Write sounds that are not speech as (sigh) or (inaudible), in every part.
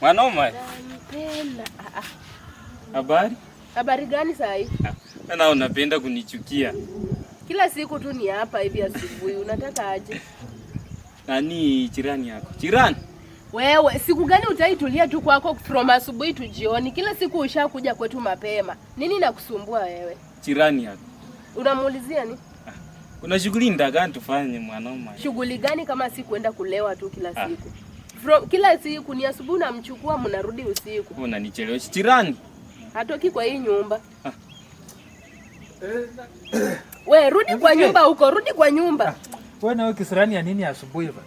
Mwanaume. Ah, ah. Habari? Habari gani saa ah, Na unapenda kunichukia. Kila siku tu ni hapa hivi asubuhi. Unataka aje? Nani jirani yako? Jirani? Wewe siku gani utaitulia tu kwako from asubuhi tu jioni? Kila siku ushakuja kwetu mapema. Nini nakusumbua wewe? Jirani yako. Unamuulizia ni? Kuna shughuli ndagani tufanye mwanaume? Shughuli gani kama si kuenda kulewa tu kila siku? Ah. From, kila siku ni asubuhi namchukua, mnarudi usiku. Mbona Unanichelewesha Tirani. Hatoki kwa hii nyumba. Ah. (coughs) We rudi kwa nyumba huko, rudi kwa nyumba. Ah. Wewe na wewe kisirani ya nini asubuhi ba?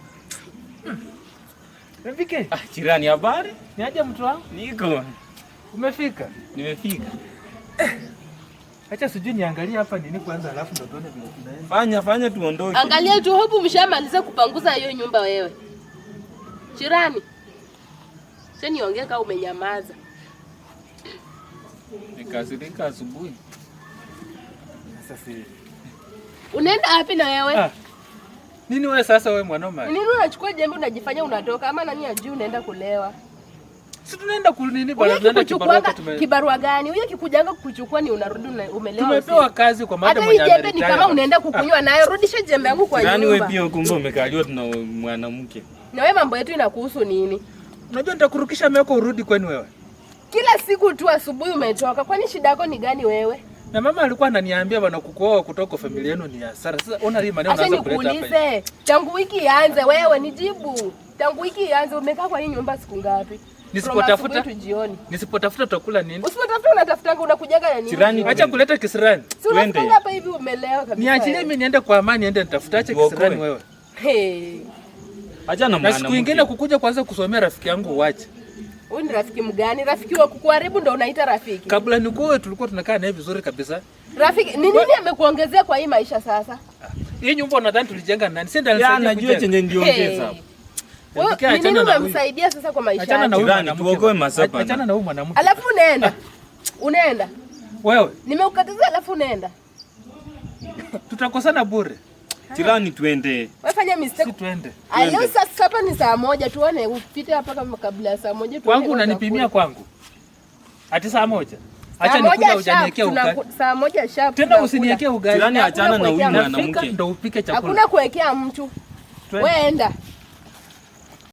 Umefika? Ah, jirani habari? Ni aje mtu wangu? Niko. Umefika? Nimefika. (coughs) Acha sijui niangalie hapa nini kwanza alafu ndo tuone vile tunaenda. Fanya fanya tuondoke. Angalia tu hopu mshamaliza kupanguza hiyo nyumba wewe. Jirani, si niongee kama umenyamaza? Nikasirika asubuhi. Sasa unaenda wapi na wewe? Ah. Nini wewe sasa wewe mwanoma? Nini unachukua jembe unajifanya unatoka ama nani ajui unaenda kulewa? Si tunaenda ku nini bwana tunaenda kibarua tume... Kibarua gani? Huyo kikujanga kukuchukua ni unarudi na umelewa. Tumepewa kazi kwa madam mwenye Amerika. Hata jembe ni kama unaenda kukunywa ah. nayo. Rudisha jembe yangu kwa nyumba. Nani wewe pia ukumbe umekaliwa tuna mwanamke. Na wewe mambo yetu inakuhusu nini? Unajua nitakurukisha meko urudi kwenu wewe. Kila siku tu asubuhi umetoka. Kwani shida yako ni gani wewe? Na mama alikuwa ananiambia bwana kukuoa kutoka familia yenu ni hasara. Sasa ona hii maneno unaanza kuleta hapa. Nikuulize, tangu wiki ianze wewe nijibu. Tangu wiki ianze umekaa kwa hii nyumba siku ngapi? Nisipotafuta jioni. nisipotafuta utakula nini? Usipotafuta unatafuta unakujaga ya nini? Sirani, acha kuleta kisirani. Twende. Hapa hivi umelewa kabisa. Niachilie mimi niende kwa amani niende nitafuta acha kisirani wewe. Hey. Acha na maana. Na siku nyingine kukuja kwanza kusomea rafiki yangu uache. Wewe ni rafiki mgani? Rafiki wa kukuharibu ndio unaita rafiki? Kabla ni kuwe tulikuwa tunakaa naye vizuri kabisa. Rafiki ni nini amekuongezea kwa hii maisha sasa? Hii nyumba unadhani tulijenga nani? Sasa ndio najua chenye ndio ongeza hapo. Wewe ni nini unamsaidia sasa kwa maisha yake? Achana na huyu mwanamke. Alafu unaenda. Unaenda. Wewe. Nimekukataza alafu unaenda. Tutakosana bure. Jirani tuende. Wafanya mistake. Si tuende. Ayo sasa hapa ni saa moja tuone upite hapa kama kabla ya saa moja tuone. Kwangu unanipimia kwangu. Ati saa moja. Acha nikuja ujaniekea ugali. Saa moja sharp. Tena usiniekee ugali. Jirani, achana na huyu mwanamke. Ndio upike chakula. Hakuna kuwekea mtu. Wewe enda.